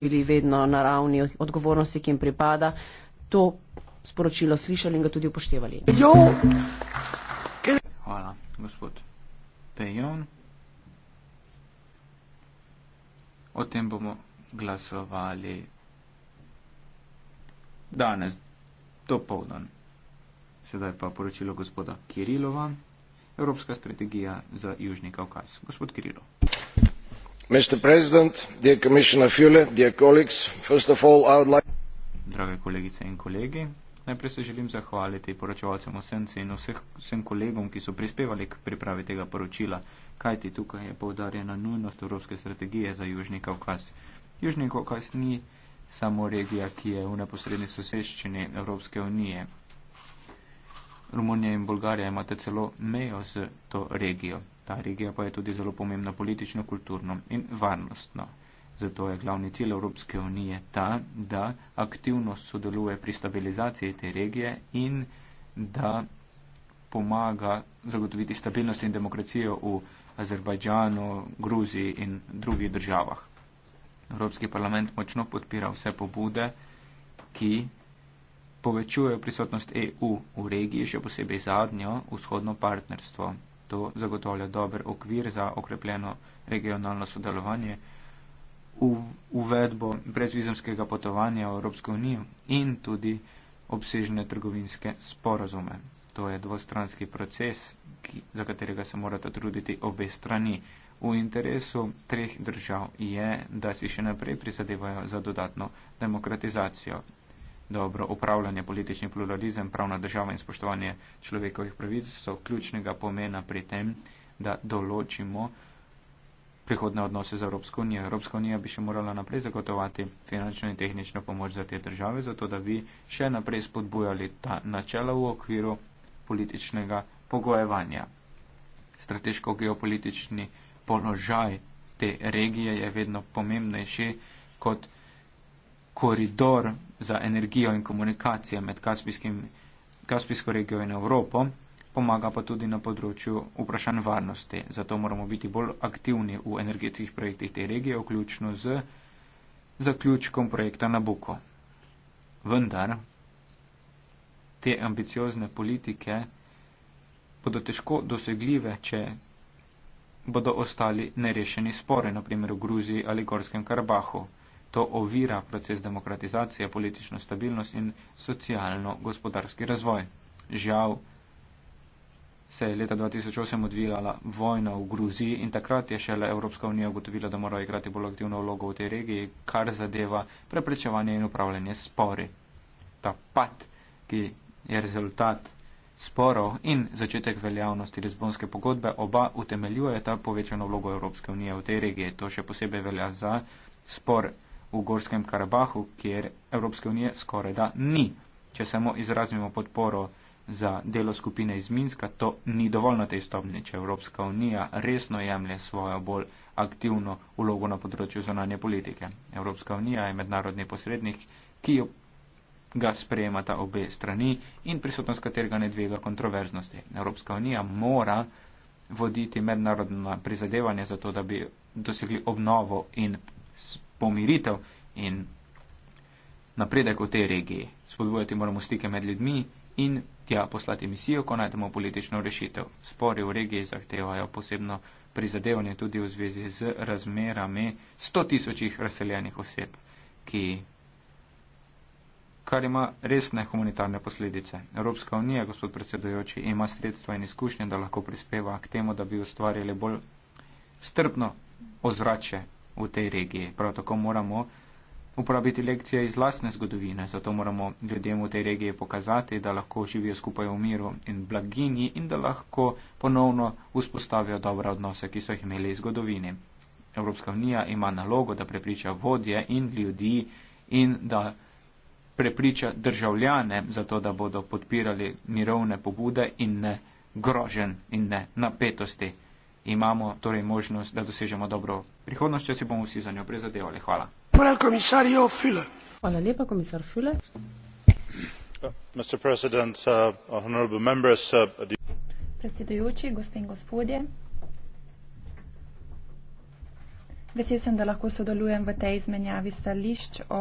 bili vedno na ravni odgovornosti, ki jim pripada, to sporočilo slišali in ga tudi upoštevali. Jo. Hvala, gospod Pejon. O tem bomo glasovali danes, do povdan. Sedaj pa poročilo gospoda Kirilova, Evropska strategija za Južni Kaukaz. Gospod Kirilov mr president dear commissioner fle dear colleagues first of all i would like. drage kolegice in kolegi najprej se želim zahvaliti poročevalcem o senci in vseh, vsem kolegom ki so prispevali k pripravi tega poročila kajti tukaj je poudarjena nujnost evropske strategije za južni kaukaz. južni kaukaz ni samo regija ki je v neposredni soseščini evropske unije. romunija in bolgarija imata celo mejo s to regijo. Ta regija pa je tudi zelo pomembna politično, kulturno in varnostno. Zato je glavni cilj Evropske unije ta, da aktivno sodeluje pri stabilizaciji te regije in da pomaga zagotoviti stabilnost in demokracijo v Azerbajdžanu, Gruziji in drugih državah. Evropski parlament močno podpira vse pobude, ki povečujejo prisotnost EU v regiji, še posebej zadnjo, vzhodno partnerstvo. To zagotavlja dober okvir za okrepljeno regionalno sodelovanje, uvedbo brezvizumskega potovanja v Evropsko unijo in tudi obsežne trgovinske sporozume. To je dvostranski proces, ki, za katerega se morata truditi obe strani. V interesu treh držav je, da si še naprej prizadevajo za dodatno demokratizacijo dobro upravljanje, politični pluralizem, pravna država in spoštovanje človekovih pravic so ključnega pomena pri tem, da določimo prihodne odnose z Evropsko unijo. Evropska unija bi še morala naprej zagotovati finančno in tehnično pomoč za te države, zato da bi še naprej spodbujali ta načela v okviru političnega pogojevanja. Strateško-geopolitični položaj te regije je vedno pomembnejši kot koridor za energijo in komunikacije med Kaspijskim, Kaspijsko regijo in Evropo, pomaga pa tudi na področju vprašanj varnosti. Zato moramo biti bolj aktivni v energetskih projektih te regije, vključno z zaključkom projekta Nabuko. Vendar te ambiciozne politike bodo težko dosegljive, če bodo ostali nerešeni spore, naprimer v Gruziji ali Gorskem Karabahu. To ovira proces demokratizacije, politično stabilnost in socialno-gospodarski razvoj. Žal se je leta 2008 odvijala vojna v Gruziji in takrat je šele Evropska unija ugotovila, da mora igrati bolj aktivno vlogo v tej regiji, kar zadeva preprečevanje in upravljanje spori. Ta pad, ki je rezultat sporov in začetek veljavnosti Lizbonske pogodbe, oba utemeljujeta povečano vlogo Evropske unije v tej regiji. To še posebej velja za spor v Gorskem Karabahu, kjer Evropske unije skoraj da ni. Če samo izrazimo podporo za delo skupine iz Minska, to ni dovolj na tej stopni, če Evropska unija resno jemlje svojo bolj aktivno ulogo na področju zonanje politike. Evropska unija je mednarodni posrednik, ki jo ga sprejemata obe strani in prisotnost katerega ne dvega kontroverznosti. Evropska unija mora voditi mednarodna prizadevanja za to, da bi dosegli obnovo in pomiritev in napredek v tej regiji. Spodbujati moramo stike med ljudmi in tja poslati misijo, ko najdemo politično rešitev. Spori v regiji zahtevajo posebno prizadevanje tudi v zvezi z razmerami 100 tisočih razseljenih oseb, ki kar ima resne humanitarne posledice. Evropska unija, gospod predsedujoči, ima sredstva in izkušnje, da lahko prispeva k temu, da bi ustvarjali bolj strpno ozračje v tej regiji. Prav tako moramo uporabiti lekcije iz lastne zgodovine, zato moramo ljudem v tej regiji pokazati, da lahko živijo skupaj v miru in blaginji in da lahko ponovno vzpostavijo dobre odnose, ki so jih imeli v zgodovini. Evropska unija ima nalogo, da prepriča vodje in ljudi in da prepriča državljane za to, da bodo podpirali mirovne pobude in ne grožen in ne napetosti. Imamo torej možnost, da dosežemo dobro prihodnostjo si bomo vsi za njo prizadevali. Hvala. Hvala, komisar Fule. Hvala lepa, komisar Fule. Uh, uh, uh, the... Predsedujoči, gospe in gospodje. Vesel sem, da lahko sodelujem v tej izmenjavi stališč o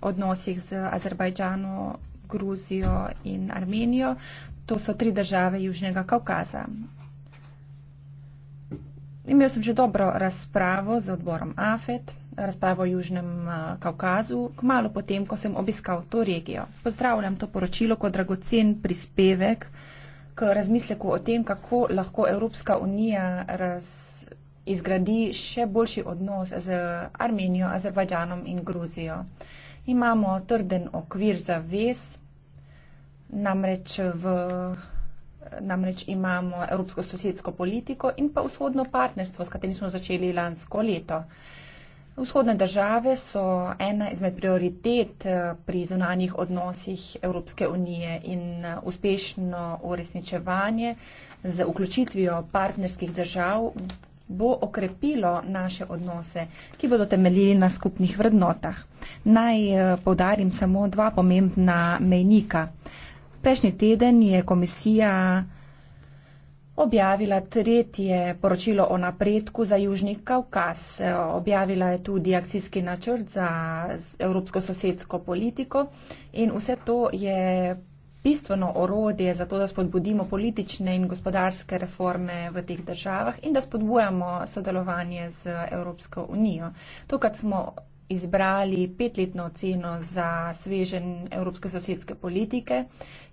odnosih z Azerbajdžano, Gruzijo in Armenijo. To so tri države Južnega Kaukaza imel sem že dobro razpravo z odborom AFET, razpravo o Južnem eh, Kaukazu, kmalo potem, ko sem obiskal to regijo. Pozdravljam to poročilo kot dragocen prispevek k razmisleku o tem, kako lahko Evropska unija raz, izgradi še boljši odnos z Armenijo, Azerbajdžanom in Gruzijo. Imamo trden okvir za vez, namreč v namreč imamo evropsko sosedsko politiko in pa vzhodno partnerstvo, s katerim smo začeli lansko leto. Vzhodne države so ena izmed prioritet eh, pri zunanjih odnosih Evropske unije in eh, uspešno uresničevanje z vključitvijo partnerskih držav bo okrepilo naše odnose, ki bodo temeljili na skupnih vrednotah. Naj eh, povdarim samo dva pomembna mejnika. Prejšnji teden je komisija objavila tretje poročilo o napredku za Južni Kaukas. Objavila je tudi akcijski načrt za evropsko sosedsko politiko in vse to je bistveno orodje za to, da spodbudimo politične in gospodarske reforme v teh državah in da spodbujamo sodelovanje z Evropsko unijo. To, kar smo izbrali petletno oceno za svežen evropske sosedske politike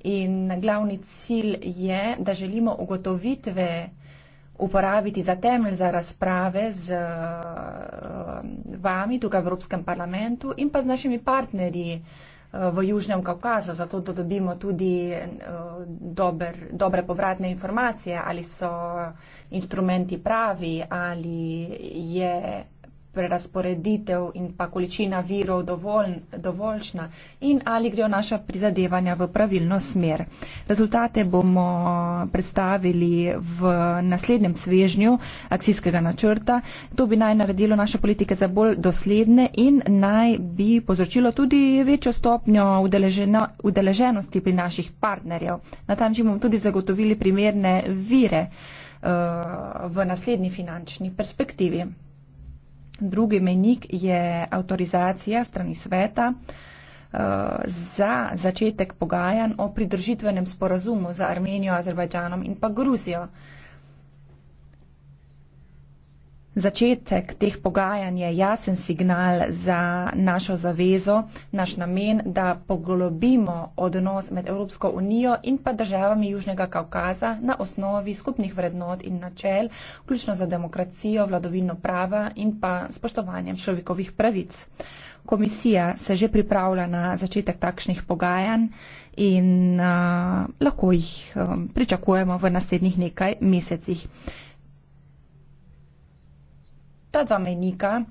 in glavni cilj je, da želimo ugotovitve uporabiti za temelj za razprave z eh, vami tukaj v Evropskem parlamentu in pa z našimi partnerji eh, v Južnem Kaukazu, zato da dobimo tudi eh, dober, dobre povratne informacije, ali so inštrumenti pravi, ali je prerasporeditev in pa količina virov dovolj, dovoljšna in ali grejo naša prizadevanja v pravilno smer. Rezultate bomo predstavili v naslednjem svežnju akcijskega načrta. To bi naj naredilo naše politike za bolj dosledne in naj bi povzročilo tudi večjo stopnjo udeleženosti pri naših partnerjev. Na ta način bomo tudi zagotovili primerne vire uh, v naslednji finančni perspektivi. Drugi menik je avtorizacija strani sveta eh, za začetek pogajanj o pridržitvenem sporazumu za Armenijo, Azerbajdžanom in pa Gruzijo začetek teh pogajanj je jasen signal za našo zavezo, naš namen, da poglobimo odnos med Evropsko unijo in pa državami Južnega Kaukaza na osnovi skupnih vrednot in načel, vključno za demokracijo, vladovino prava in pa spoštovanjem človekovih pravic. Komisija se že pripravlja na začetek takšnih pogajanj in uh, lahko jih um, pričakujemo v naslednjih nekaj mesecih. Ta dva menika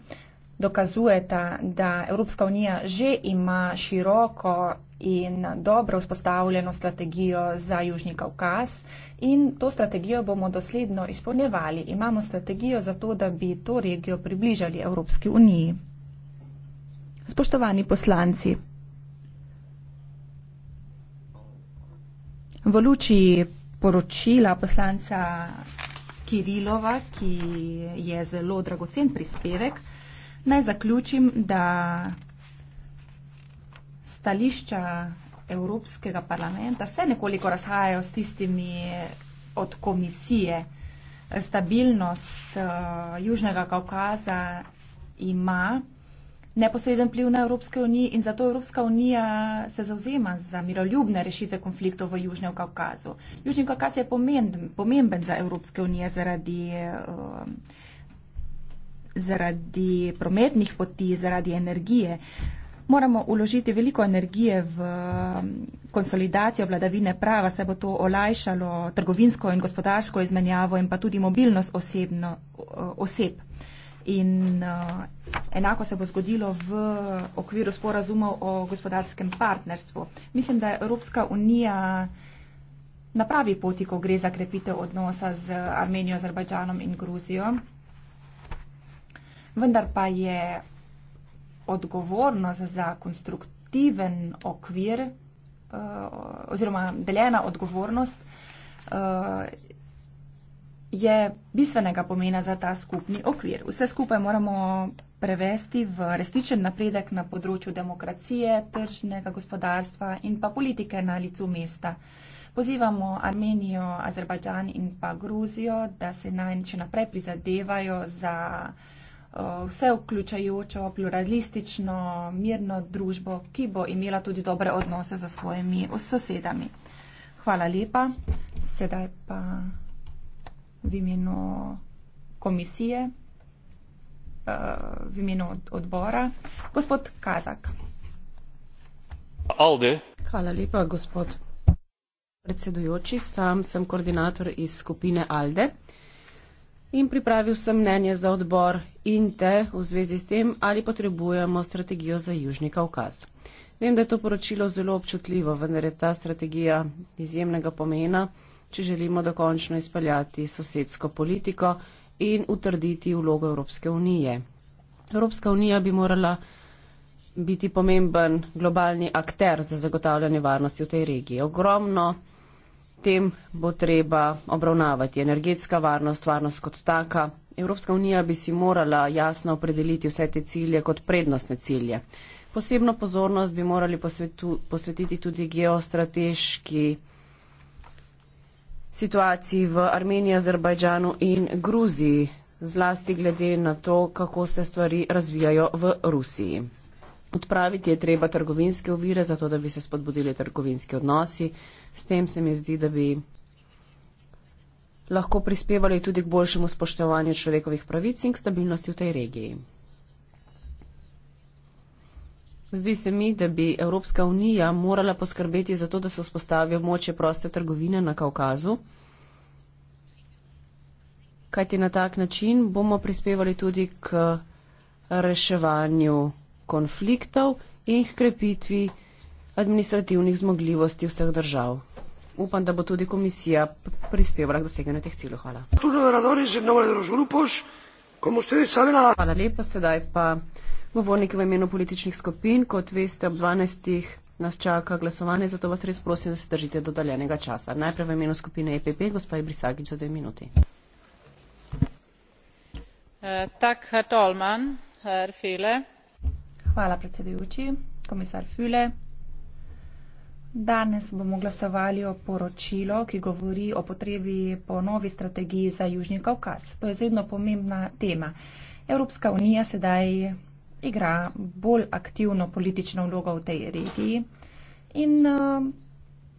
dokazujeta, da Evropska unija že ima široko in dobro vzpostavljeno strategijo za Južni Kaukas in to strategijo bomo dosledno izpolnjevali. Imamo strategijo za to, da bi to regijo približali Evropski uniji. Spoštovani poslanci, v luči poročila poslanca Kirilova, ki je zelo dragocen prispevek. Naj zaključim, da stališča Evropskega parlamenta se nekoliko razhajajo s tistimi od komisije. Stabilnost uh, Južnega Kaukaza ima neposreden pliv na Evropske unije in zato Evropska unija se zauzema za miroljubne rešitve konfliktov v Južnem Kaukazu. Južni Kaukaz je pomemben, pomemben za Evropske unije zaradi, uh, zaradi prometnih poti, zaradi energije. Moramo uložiti veliko energije v mm, konsolidacijo vladavine prava, se bo to olajšalo trgovinsko in gospodarsko izmenjavo in pa tudi mobilnost osebno, uh, oseb. In uh, enako se bo zgodilo v okviru sporazumov o gospodarskem partnerstvu. Mislim, da je Evropska unija na pravi poti, ko gre za krepitev odnosa z Armenijo, Azerbajdžanom in Gruzijo. Vendar pa je odgovornost za konstruktiven okvir uh, oziroma deljena odgovornost uh, je bistvenega pomena za ta skupni okvir. Vse skupaj moramo prevesti v resničen napredek na področju demokracije, tržnega gospodarstva in pa politike na licu mesta. Pozivamo Armenijo, Azerbajdžan in pa Gruzijo, da se naj še naprej prizadevajo za eh, vse vključajočo, pluralistično, mirno družbo, ki bo imela tudi dobre odnose z svojimi sosedami. Hvala lepa. Sedaj pa в имену комисии, в имену отбора. Господ Казак. Алде. Хвала липа, господ predsedujoči, sam sem koordinator iz skupine ALDE in pripravil sem mnenje za odbor INTE v zvezi s tem, ali potrebujemo strategijo za Južni Kaukaz. Vem, da je to poročilo zelo občutljivo, vendar je ta strategija izjemnega pomena če želimo dokončno izpeljati sosedsko politiko in utrditi vlogo Evropske unije. Evropska unija bi morala biti pomemben globalni akter za zagotavljanje varnosti v tej regiji. Ogromno tem bo treba obravnavati. Energetska varnost, varnost kot taka. Evropska unija bi si morala jasno opredeliti vse te cilje kot prednostne cilje. Posebno pozornost bi morali posvetiti tudi geostrateški situaciji v Armeniji, Azerbajdžanu in Gruziji, zlasti glede na to, kako se stvari razvijajo v Rusiji. Odpraviti je treba trgovinske ovire, zato da bi se spodbudili trgovinski odnosi. S tem se mi zdi, da bi lahko prispevali tudi k boljšemu spoštovanju človekovih pravic in k stabilnosti v tej regiji. Zdi se mi, da bi Evropska unija morala poskrbeti za to, da se vzpostavijo moče proste trgovine na Kaukazu. Kajti na tak način bomo prispevali tudi k reševanju konfliktov in k krepitvi administrativnih zmogljivosti vseh držav. Upam, da bo tudi komisija prispevala k doseganju teh ciljev. Hvala. Hvala lepa, sedaj pa. Govornik v imenu političnih skupin, kot veste, ob 12. nas čaka glasovanje, zato vas res prosim, da se držite do daljenega časa. Najprej v imenu skupine EPP, gospa Ibrisagič, za dve minuti. Eh, tak, herr Tolman, herr Fühle. Hvala, predsedujoči, komisar Fühle. Danes bomo glasovali o poročilo, ki govori o potrebi po novi strategiji za Južni Kaukaz. To je izredno pomembna tema. Evropska unija sedaj igra bolj aktivno politično vlogo v tej regiji. In uh,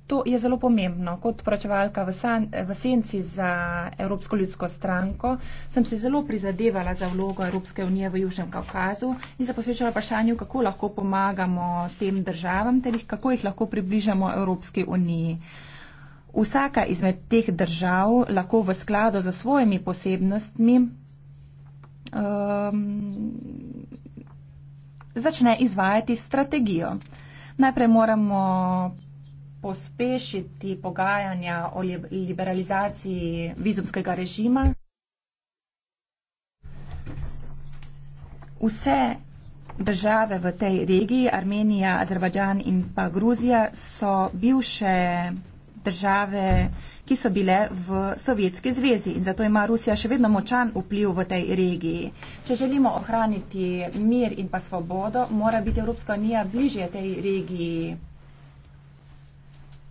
to je zelo pomembno. Kot poročevalka v, san, v senci za Evropsko ljudsko stranko sem se zelo prizadevala za vlogo Evropske unije v Južnem Kaukazu in se posvečala vprašanju, kako lahko pomagamo tem državam, ter jih, kako jih lahko približamo Evropski uniji. Vsaka izmed teh držav lahko v skladu z svojimi posebnostmi um, začne izvajati strategijo. Najprej moramo pospešiti pogajanja o liberalizaciji vizumskega režima. Vse države v tej regiji, Armenija, Azerbajdžan in pa Gruzija, so bivše države, ki so bile v Sovjetski zvezi in zato ima Rusija še vedno močan vpliv v tej regiji. Če želimo ohraniti mir in pa svobodo, mora biti Evropska unija bližje tej regiji.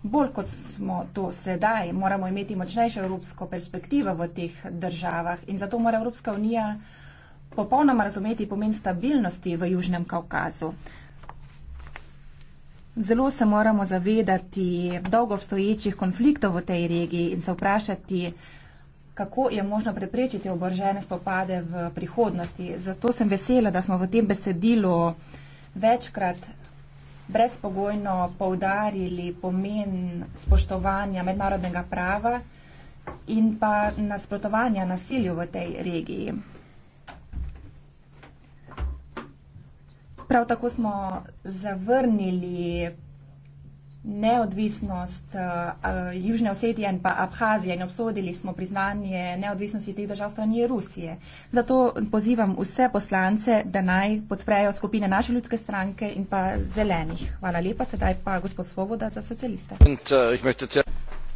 Bolj kot smo to sedaj, moramo imeti močnejšo evropsko perspektivo v teh državah in zato mora Evropska unija popolnoma razumeti pomen stabilnosti v Južnem Kaukazu. Zelo se moramo zavedati dolgovstoječih konfliktov v tej regiji in se vprašati, kako je možno preprečiti oborožene spopade v prihodnosti. Zato sem vesela, da smo v tem besedilu večkrat brezpogojno poudarili pomen spoštovanja mednarodnega prava in pa nasprotovanja nasilju v tej regiji. Prav tako smo zavrnili neodvisnost uh, Južne Osetije in pa Abhazije in obsodili smo priznanje neodvisnosti teh držav strani Rusije. Zato pozivam vse poslance, da naj podprejo skupine naše ljudske stranke in pa zelenih. Hvala lepa, sedaj pa gospod Svoboda za socialiste. Eh,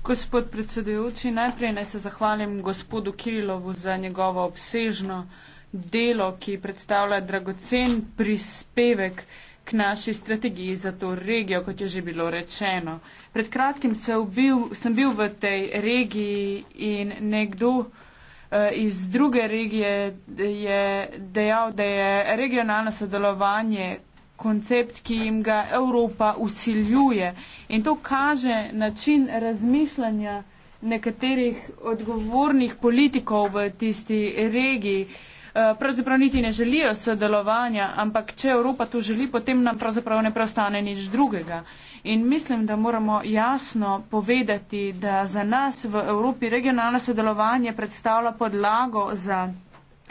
gospod predsedujoči, najprej naj se zahvalim gospodu Kirilovu za njegovo obsežno delo, ki predstavlja dragocen prispevek k naši strategiji za to regijo, kot je že bilo rečeno. Pred kratkim sem bil, sem bil v tej regiji in nekdo eh, iz druge regije je dejal, da je regionalno sodelovanje koncept, ki jim ga Evropa usiljuje. In to kaže način razmišljanja nekaterih odgovornih politikov v tisti regiji. Eh, pravzaprav niti ne želijo sodelovanja, ampak če Evropa to želi, potem nam pravzaprav ne preostane nič drugega. In mislim, da moramo jasno povedati, da za nas v Evropi regionalno sodelovanje predstavlja podlago za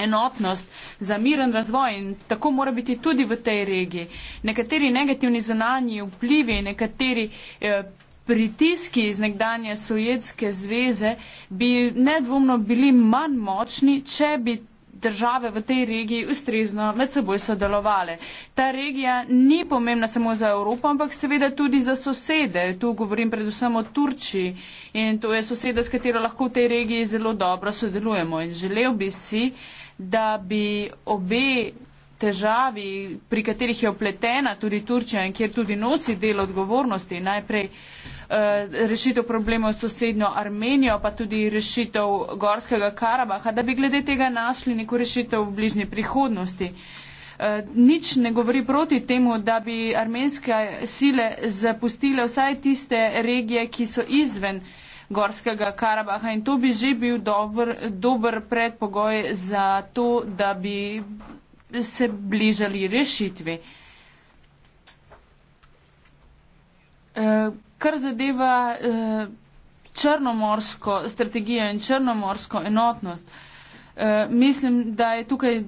enotnost za miren razvoj in tako mora biti tudi v tej regiji. Nekateri negativni zunanji vplivi, nekateri eh, pritiski iz nekdanje Sovjetske zveze bi nedvomno bili manj močni, če bi države v tej regiji ustrezno med seboj sodelovale. Ta regija ni pomembna samo za Evropo, ampak seveda tudi za sosede. Tu govorim predvsem o Turčiji in to je soseda, s katero lahko v tej regiji zelo dobro sodelujemo. In želel bi si, da bi obe težavi, pri katerih je opletena tudi Turčija in kjer tudi nosi del odgovornosti, najprej eh, rešitev problemov s sosednjo Armenijo, pa tudi rešitev Gorskega Karabaha, da bi glede tega našli neko rešitev v bližnji prihodnosti. Eh, nič ne govori proti temu, da bi armenske sile zapustile vsaj tiste regije, ki so izven Gorskega Karabaha in to bi že bil dober, dober predpogoj za to, da bi se bližali rešitvi. Eh, kar zadeva eh, črnomorsko strategijo in črnomorsko enotnost, eh, mislim, da je tukaj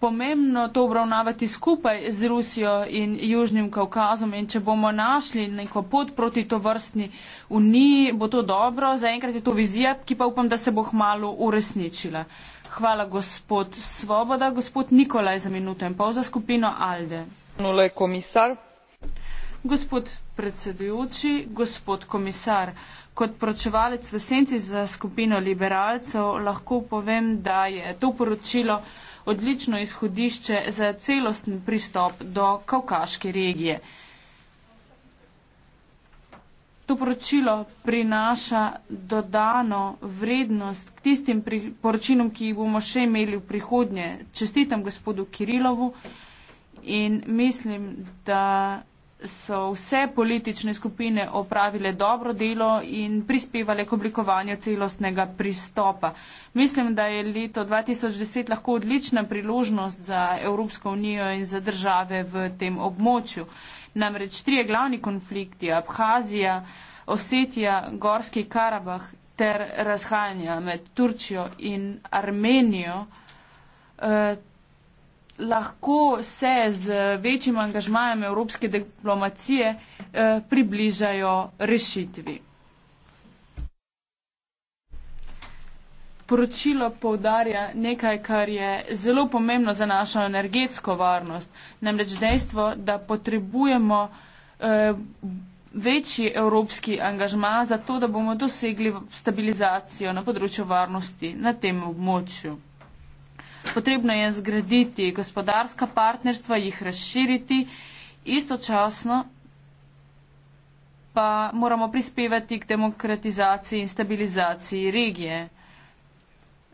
pomembno to obravnavati skupaj z Rusijo in Južnim Kaukazom in če bomo našli neko pot proti to vrstni uniji, bo to dobro. Zaenkrat je to vizija, ki pa upam, da se bo hmalo uresničila. Hvala, gospod Svoboda. Gospod Nikolaj za minuto in pol za skupino Alde. Nule komisar. Gospod predsedujoči, gospod komisar, kot pročevalec v senci za skupino liberalcev lahko povem, da je to poročilo odlično izhodišče za celostni pristop do kavkaške regije to poročilo prinaša dodano vrednost k tistim poročilom, ki jih bomo še imeli v prihodnje. Čestitam gospodu Kirilovu in mislim, da so vse politične skupine opravile dobro delo in prispevale k oblikovanju celostnega pristopa. Mislim, da je leto 2010 lahko odlična priložnost za Evropsko unijo in za države v tem območju namreč trije glavni konflikti - Abhazija, Osetija, Gorski Karabah ter razhajanja med Turčijo in Armenijo eh, - lahko se z večjim angažmajem evropske diplomacije eh, približajo rešitvi. Poročilo poudarja nekaj, kar je zelo pomembno za našo energetsko varnost, namreč dejstvo, da potrebujemo eh, večji evropski angažma za to, da bomo dosegli stabilizacijo na področju varnosti na tem območju. Potrebno je zgraditi gospodarska partnerstva, jih razširiti, istočasno pa moramo prispevati k demokratizaciji in stabilizaciji regije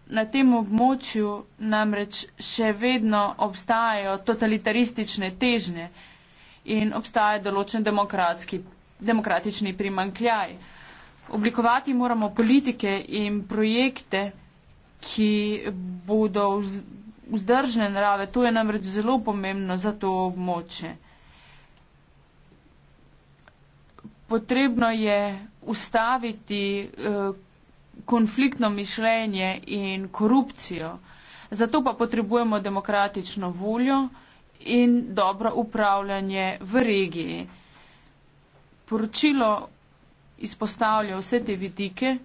na tem območju namreč še vedno obstajajo totalitaristične težnje in obstaja določen demokratični primankljaj. Oblikovati moramo politike in projekte, ki bodo vzdržne narave. To je namreč zelo pomembno za to območje. Potrebno je ustaviti eh, konfliktno mišljenje in korupcijo. Zato pa potrebujemo demokratično voljo in dobro upravljanje v regiji. Poročilo izpostavlja vse te vidike,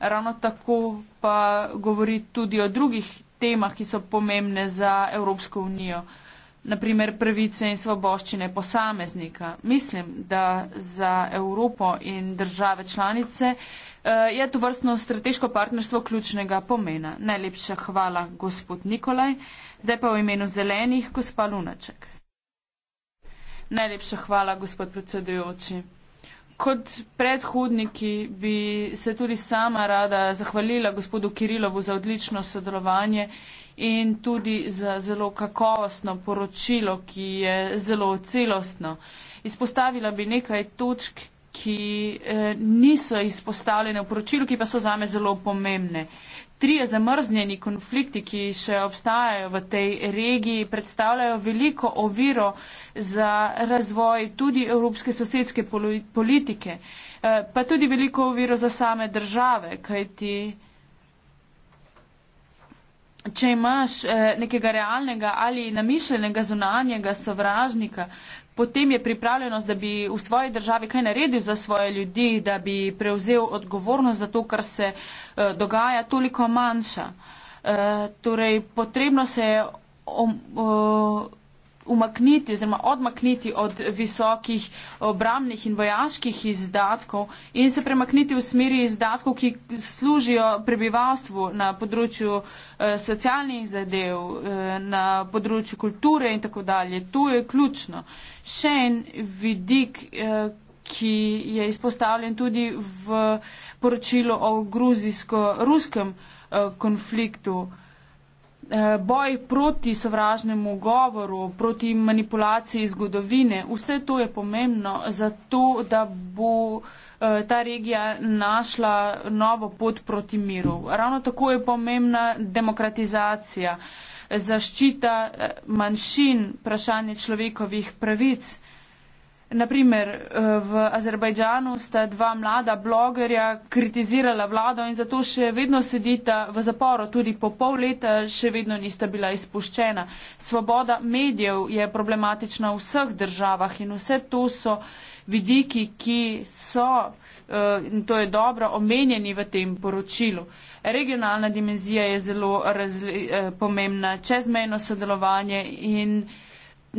ravno tako pa govori tudi o drugih temah, ki so pomembne za Evropsko unijo, naprimer pravice in svoboščine posameznika. Mislim, da za Evropo in države članice Eh, je to vrstno strateško partnerstvo ključnega pomena. Najlepša hvala, gospod Nikolaj. Zdaj pa v imenu zelenih, gospa Lunaček. Najlepša hvala, gospod predsedujoči. Kot predhodniki bi se tudi sama rada zahvalila gospodu Kirilovu za odlično sodelovanje in tudi za zelo kakovostno poročilo, ki je zelo celostno. Izpostavila bi nekaj točk, ki eh, niso izpostavljene v poročilu, ki pa so zame zelo pomembne. Trije zamrznjeni konflikti, ki še obstajajo v tej regiji, predstavljajo veliko oviro za razvoj tudi evropske sosedske politike, eh, pa tudi veliko oviro za same države, kajti. Če imaš eh, nekega realnega ali namišljenega zunanjega sovražnika, potem je pripravljenost, da bi v svoji državi kaj naredil za svoje ljudi, da bi prevzel odgovornost za to, kar se eh, dogaja, toliko manjša. Eh, torej, potrebno se je. Eh, umakniti oziroma odmakniti od visokih obramnih in vojaških izdatkov in se premakniti v smeri izdatkov, ki služijo prebivalstvu na področju eh, socialnih zadev, eh, na področju kulture in tako dalje. To je ključno. Še en vidik, eh, ki je izpostavljen tudi v poročilu o gruzijsko-ruskem konfliktu. Eh, boj proti sovražnemu govoru, proti manipulaciji zgodovine, vse to je pomembno za to, da bo eh, ta regija našla novo pot proti miru. Ravno tako je pomembna demokratizacija, zaščita eh, manjšin, vprašanje človekovih pravic. Naprimer, eh, v Azerbajdžanu sta dva mlada blogerja kritizirala vlado in zato še vedno sedita v zaporu, tudi po pol leta še vedno nista bila izpuščena. Svoboda medijev je problematična v vseh državah in vse to so vidiki, ki so, eh, in to je dobro, omenjeni v tem poročilu. Regionalna dimenzija je zelo razli, eh, pomembna, čezmejno sodelovanje in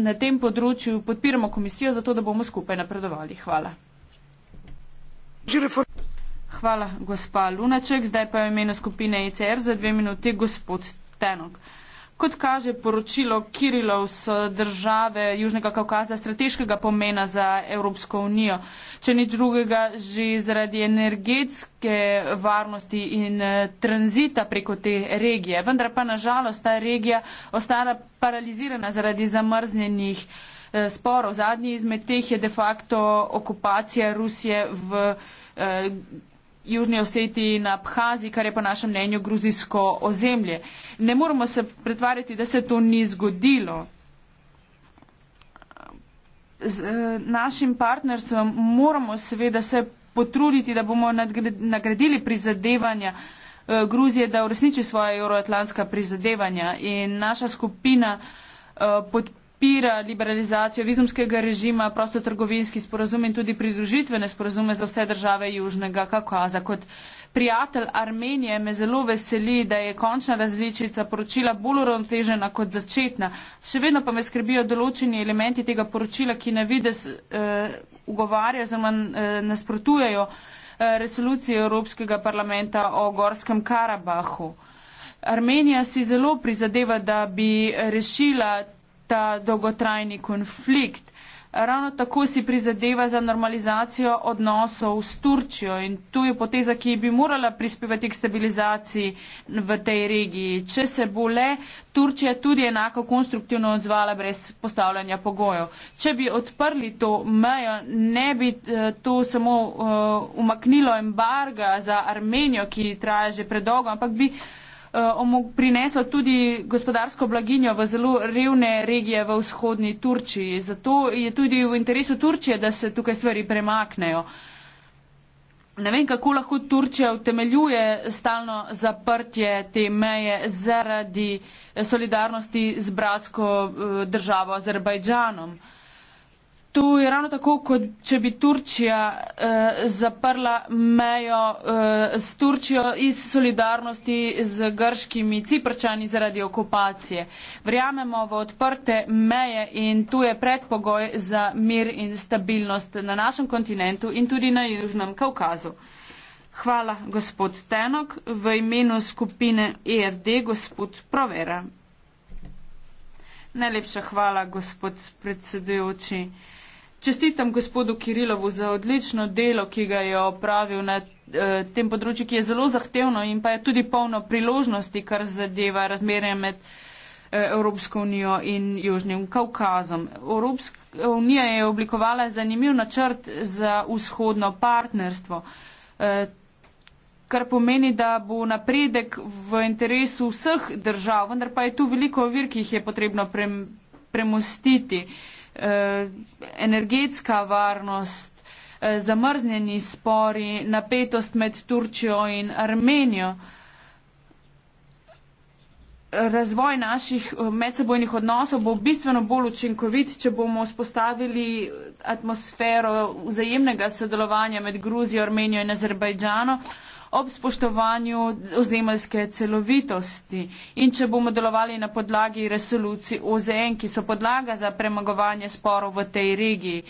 na tem področju podpiramo komisijo, zato da bomo skupaj napredovali. Hvala. Hvala, gospa Lunaček. Zdaj pa je v imenu skupine ECR za dve minuti gospod Tenok. Kot kaže poročilo Kirilov, so države Južnega Kaukaza strateškega pomena za Evropsko unijo, če ni drugega že zaradi energetske varnosti in eh, tranzita preko te regije. Vendar pa nažalost ta regija ostala paralizirana zaradi zamrznjenih eh, sporov. Zadnji izmed teh je de facto okupacija Rusije v. Eh, Južni Oseti in Abhazi, kar je po našem mnenju gruzijsko ozemlje. Ne moramo se pretvarjati, da se to ni zgodilo. Z eh, našim partnerstvom moramo seveda se potruditi, da bomo nagradili prizadevanja eh, Gruzije, da uresniči svoje euroatlantska prizadevanja in naša skupina eh, podpira podpira liberalizacijo vizumskega režima, prostotrgovinski sporozum in tudi pridružitvene sporozume za vse države Južnega Kaukaza. Kot prijatelj Armenije me zelo veseli, da je končna različica poročila bolj uravnotežena kot začetna. Še vedno pa me skrbijo določeni elementi tega poročila, ki na vides eh, ugovarjajo oziroma eh, nasprotujejo eh, resoluciji Evropskega parlamenta o Gorskem Karabahu. Armenija si zelo prizadeva, da bi rešila ta dolgotrajni konflikt. Ravno tako si prizadeva za normalizacijo odnosov s Turčijo in tu je poteza, ki bi morala prispevati k stabilizaciji v tej regiji. Če se bo le, Turčija tudi enako konstruktivno odzvala brez postavljanja pogojev. Če bi odprli to mejo, ne bi eh, to samo uh, umaknilo embarga za Armenijo, ki traja že predolgo, ampak bi uh, prineslo tudi gospodarsko blaginjo v zelo revne regije v vzhodni Turčiji. Zato je tudi v interesu Turčije, da se tukaj stvari premaknejo. Ne vem, kako lahko Turčija utemeljuje stalno zaprtje te meje zaradi solidarnosti z bratsko eh, državo Azerbajdžanom. Uh, To je ravno tako, kot če bi Turčija eh, zaprla mejo eh, s Turčijo iz solidarnosti z grškimi ciprčani zaradi okupacije. Verjamemo v odprte meje in tu je predpogoj za mir in stabilnost na našem kontinentu in tudi na Južnem Kaukazu. Hvala, gospod Tenok. V imenu skupine EFD, gospod Provera. Najlepša hvala, gospod predsedujoči. Čestitam gospodu Kirilovu za odlično delo, ki ga je opravil na eh, tem področju, ki je zelo zahtevno in pa je tudi polno priložnosti, kar zadeva razmerje med eh, Evropsko unijo in Južnim Kaukazom. Evropska unija je oblikovala zanimiv načrt za vzhodno partnerstvo. Eh, kar pomeni, da bo napredek v interesu vseh držav, vendar pa je tu veliko ovir, ki jih je potrebno prem, premostiti. E, energetska varnost, e, zamrznjeni spori, napetost med Turčijo in Armenijo, razvoj naših eh, medsebojnih odnosov bo bistveno bolj učinkovit, če bomo vzpostavili atmosfero vzajemnega sodelovanja med Gruzijo, Armenijo in Azerbajdžano ob spoštovanju ozemeljske celovitosti. In če bomo delovali na podlagi resoluciji OZN, ki so podlaga za premagovanje sporov v tej regiji,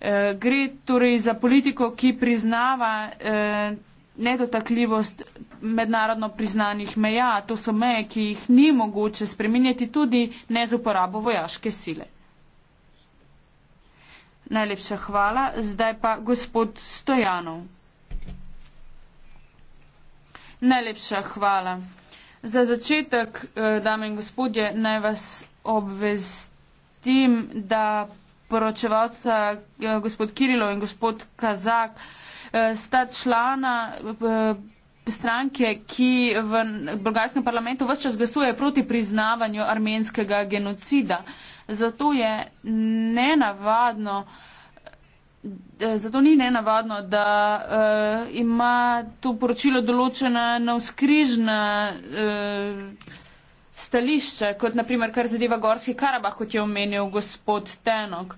eh, gre torej za politiko, ki priznava eh, nedotakljivost mednarodno priznanih meja. To so meje, ki jih ni mogoče spremenjati tudi ne z uporabo vojaške sile. Najlepša hvala. Zdaj pa gospod Stojanov. Najlepša hvala. Za začetek, eh, dame in gospodje, naj vas obvestim, da poročevalca eh, gospod Kirilov in gospod Kazak eh, sta člana stranke, ki v bolgarskem parlamentu vse čas glasuje proti priznavanju armenskega genocida. Zato je nenavadno, uh, Zato ni nenavadno, da uh, ima to poročilo določena navskrižna uh, stališča, kot naprimer, kar zadeva Gorski Karabah, kot je omenil gospod Tenok.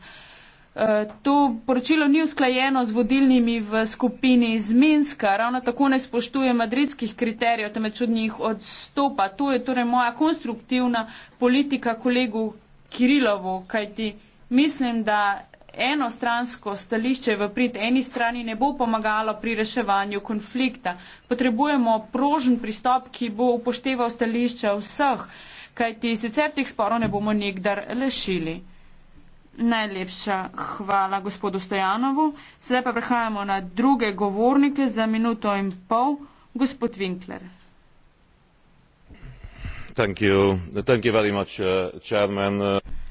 Uh, to poročilo ni usklajeno z vodilnimi v skupini iz Minska, ravno tako ne spoštuje madridskih kriterijev, temveč od njih odstopa. To je torej moja konstruktivna politika kolegu Kirilovu, kajti mislim, da enostransko stališče v prid eni strani ne bo pomagalo pri reševanju konflikta. Potrebujemo prožen pristop, ki bo upošteval stališče vseh, kajti sicer teh sporov ne bomo nikdar lešili. Najlepša hvala gospodu Stojanovu. Sedaj pa prehajamo na druge govornike za minuto in pol. Gospod Winkler. Thank you. Thank you very much, uh, Chairman. Uh...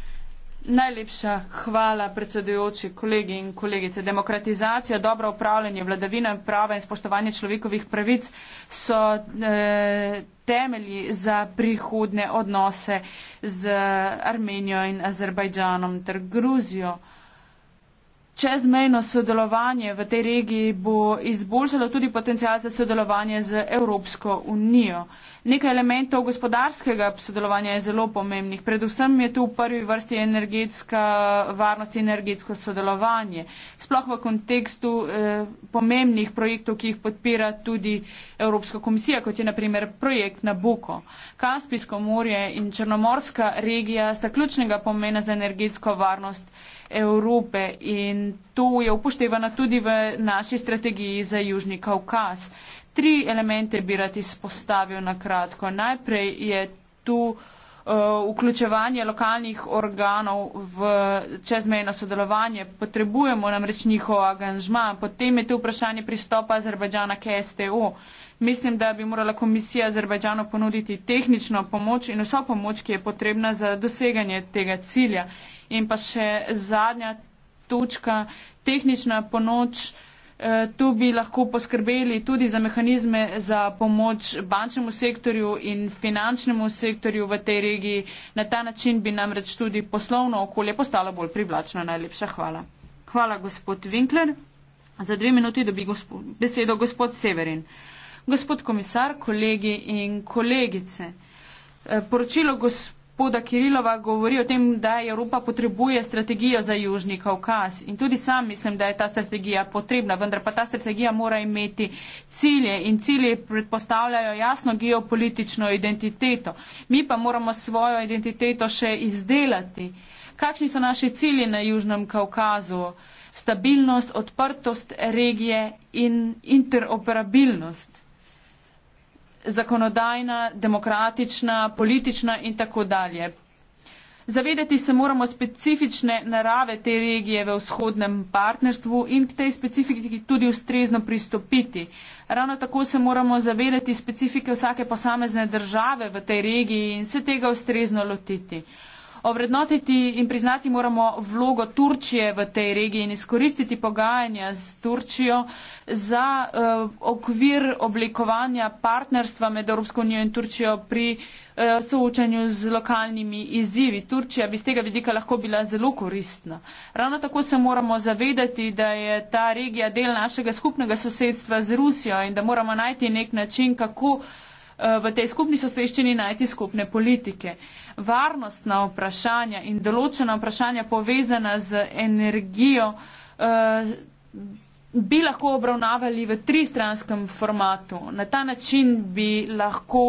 Najlepša hvala, predsedujoči, kolegi in kolegice. Demokratizacija, dobro upravljanje, vladavina prava in spoštovanje človekovih pravic so e, temelji za prihodne odnose z Armenijo in Azerbajdžanom ter Gruzijo čezmejno sodelovanje v tej regiji bo izboljšalo tudi potencial za sodelovanje z Evropsko unijo. Nekaj elementov gospodarskega sodelovanja je zelo pomembnih. Predvsem je tu v prvi vrsti energetska varnost in energetsko sodelovanje. Sploh v kontekstu eh, pomembnih projektov, ki jih podpira tudi Evropska komisija, kot je naprimer projekt Nabuko. Kaspijsko morje in Črnomorska regija sta ključnega pomena za energetsko varnost Evrope in to je upoštevano tudi v naši strategiji za Južni Kaukaz. Tri elemente bi rad izpostavil na kratko. Najprej je tu eh, vključevanje lokalnih organov v čezmejno sodelovanje. Potrebujemo namreč njihov angažma. Potem je tu vprašanje pristopa Azerbajdžana k STO. Mislim, da bi morala komisija Azerbajdžanu ponuditi tehnično pomoč in vso pomoč, ki je potrebna za doseganje tega cilja. In pa še zadnja točka, tehnična ponoč. Eh, tu bi lahko poskrbeli tudi za mehanizme za pomoč bančnemu sektorju in finančnemu sektorju v tej regiji. Na ta način bi namreč tudi poslovno okolje postalo bolj privlačno. Najlepša hvala. Hvala, gospod Winkler. Za dve minuti dobi gospo, besedo gospod Severin. Gospod komisar, kolegi in kolegice. Eh, poročilo gospod gospoda Kirilova govori o tem, da Evropa potrebuje strategijo za Južni Kaukaz. In tudi sam mislim, da je ta strategija potrebna, vendar pa ta strategija mora imeti cilje in cilje predpostavljajo jasno geopolitično identiteto. Mi pa moramo svojo identiteto še izdelati. Kakšni so naši cilji na Južnem Kaukazu? Stabilnost, odprtost regije in interoperabilnost zakonodajna, demokratična, politična in tako dalje. Zavedati se moramo specifične narave te regije v vzhodnem partnerstvu in k tej specifiki tudi ustrezno pristopiti. Ravno tako se moramo zavedati specifike vsake posamezne države v tej regiji in se tega ustrezno lotiti. Ovrednotiti in priznati moramo vlogo Turčije v tej regiji in izkoristiti pogajanja z Turčijo za uh, okvir oblikovanja partnerstva med Evropsko unijo in Turčijo pri uh, soočanju z lokalnimi izzivi. Turčija bi z tega vidika lahko bila zelo koristna. Ravno tako se moramo zavedati, da je ta regija del našega skupnega sosedstva z Rusijo in da moramo najti nek način, kako Eh, v tej skupni soseščini najti skupne politike. Varnostna vprašanja in določena vprašanja povezana z energijo eh, bi lahko obravnavali v tristranskem formatu. Na ta način bi lahko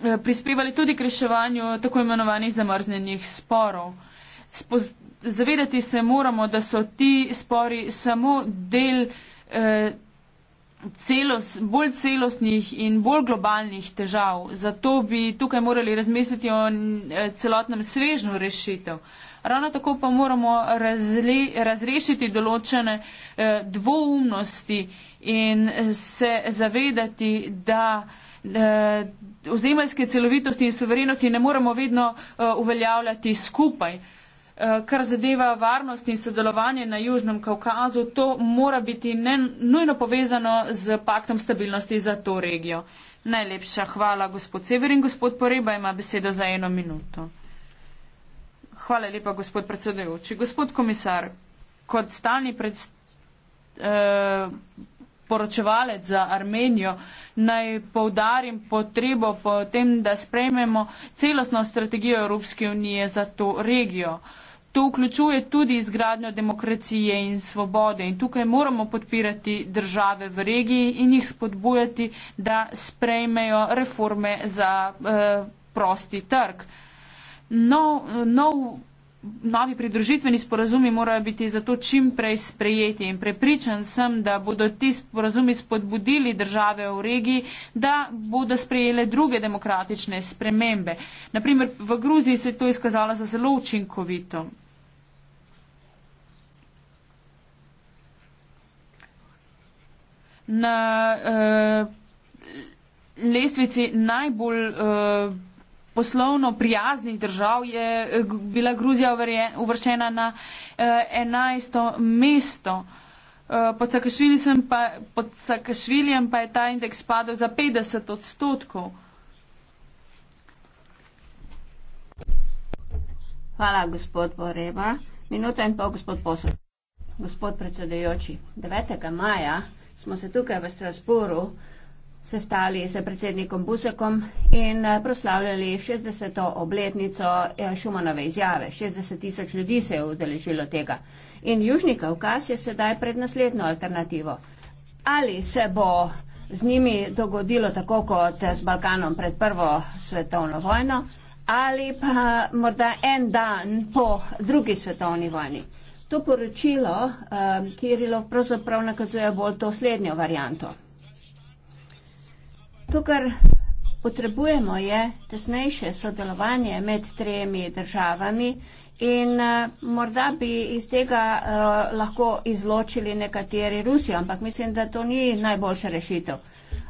eh, prispevali tudi k reševanju tako imenovanih zamrznjenih sporov. Spoz zavedati se moramo, da so ti spori samo del eh, celost, bolj celostnih in bolj globalnih težav. Zato bi tukaj morali razmisliti o eh, celotnem svežnju rešitev. Ravno tako pa moramo razle, razrešiti določene eh, dvoumnosti in eh, se zavedati, da eh, ozemeljske celovitosti in soverenosti ne moramo vedno eh, uveljavljati skupaj. Eh, Eh, kar zadeva varnost in sodelovanje na Južnem Kaukazu, to mora biti ne, nujno povezano z paktom stabilnosti za to regijo. Najlepša hvala, gospod Severin. Gospod Poreba ima besedo za eno minuto. Hvala lepa, gospod predsedujoči. Gospod komisar, kot stalni predstavnik. Eh, poročevalec za Armenijo, naj povdarim potrebo po tem, da sprejmemo celostno strategijo Evropske unije za to regijo. Uh, To vključuje tudi izgradnjo demokracije in svobode in tukaj moramo podpirati države v regiji in jih spodbujati, da sprejmejo reforme za eh, prosti trg. No, no, novi pridružitveni sporazumi morajo biti zato čim prej sprejeti in prepričan sem, da bodo ti sporazumi spodbudili države v regiji, da bodo sprejele druge demokratične spremembe. Naprimer, v Gruziji se je to izkazalo za zelo učinkovito. na uh, lestvici najbolj uh, poslovno prijaznih držav je eh, bila Gruzija uvrščena na uh, 11. mesto. Uh, pod Sakašviljem pa, pa je ta indeks padel za 50 odstotkov. Hvala, gospod Boreba. Minuta in pol, gospod posel. Gospod predsedujoči, 9. maja smo se tukaj v Strasboru sestali s predsednikom Busekom in eh, proslavljali 60. obletnico eh, Šumanove izjave. 60 tisoč ljudi se je udeležilo tega. In Južni Kaukas je sedaj pred naslednjo alternativo. Ali se bo z njimi dogodilo tako kot s eh, Balkanom pred Prvo svetovno vojno ali pa morda en dan po drugi svetovni vojni. To poročilo um, eh, Kirilov pravzaprav nakazuje bolj to slednjo varianto. To, kar potrebujemo, je tesnejše sodelovanje med tremi državami in uh, morda bi iz tega uh, lahko izločili nekateri Rusijo, ampak mislim, da to ni najboljša rešitev.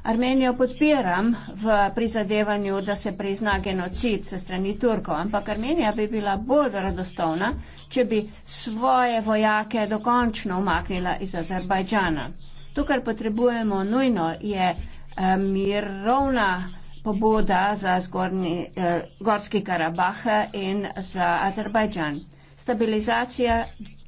Armenijo podpiram v prizadevanju, da se prizna genocid se strani Turkov, ampak Armenija bi bila bolj verodostovna, če bi svoje vojake dokončno umaknila iz Azerbajdžana. To, kar potrebujemo nujno, je eh, mirovna pobuda za zgornji, eh, Gorski Karabah in za Azerbajdžan. Stabilizacija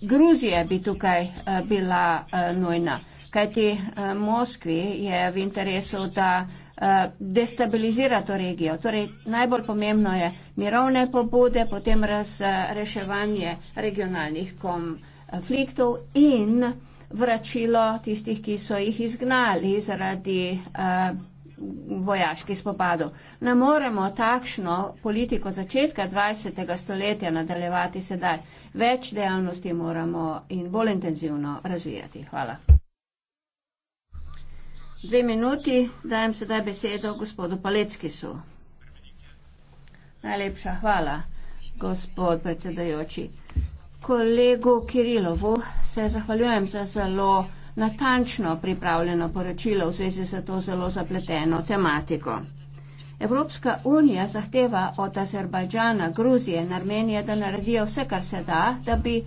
Gruzije bi tukaj eh, bila eh, nujna. Kajti eh, Moskvi je v interesu, da eh, destabilizira to regijo. Torej, najbolj pomembno je mirovne pobude, potem razreševanje regionalnih konfliktov in vračilo tistih, ki so jih izgnali zaradi uh, vojaških spopadov. Ne moremo takšno politiko začetka 20. stoletja nadaljevati sedaj. Več dejavnosti moramo in bolj intenzivno razvijati. Hvala. Dve minuti, dajem sedaj besedo gospodu Paleckisu. Najlepša hvala, gospod predsedajoči. Kolegu Kirilovu se zahvaljujem za zelo natančno pripravljeno poročilo v zvezi z to zelo zapleteno tematiko. Evropska unija zahteva od Azerbajdžana, Gruzije in Armenije, da naredijo vse, kar se da, da bi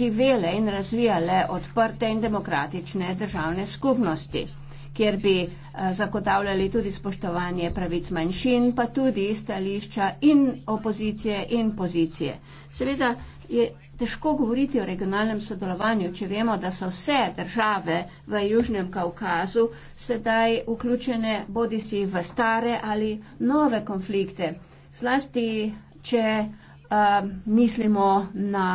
živele in razvijale odprte in demokratične državne skupnosti kjer bi eh, zagotavljali tudi spoštovanje pravic manjšin, pa tudi stališča in opozicije in pozicije. Seveda je težko govoriti o regionalnem sodelovanju, če vemo, da so vse države v Južnem Kaukazu sedaj vključene bodi si v stare ali nove konflikte. Zlasti, če uh, mislimo na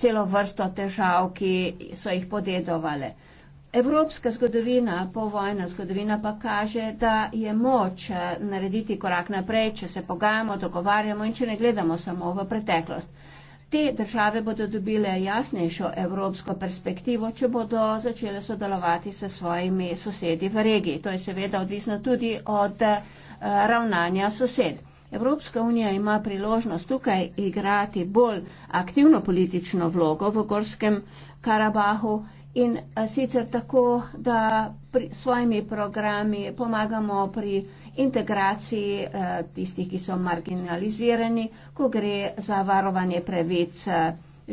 celo vrsto težav, ki so jih podedovali. Uh, Evropska zgodovina, povojna zgodovina pa kaže, da je moč eh, narediti korak naprej, če se pogajamo, dogovarjamo in če ne gledamo samo v preteklost. Te države bodo dobile jasnejšo evropsko perspektivo, če bodo začele sodelovati s svojimi sosedi v regiji. To je seveda odvisno tudi od eh, ravnanja sosed. Evropska unija ima priložnost tukaj igrati bolj aktivno politično vlogo v Gorskem Karabahu. In sicer tako, da pri svojimi programi pomagamo pri integraciji tistih, ki so marginalizirani, ko gre za varovanje pravic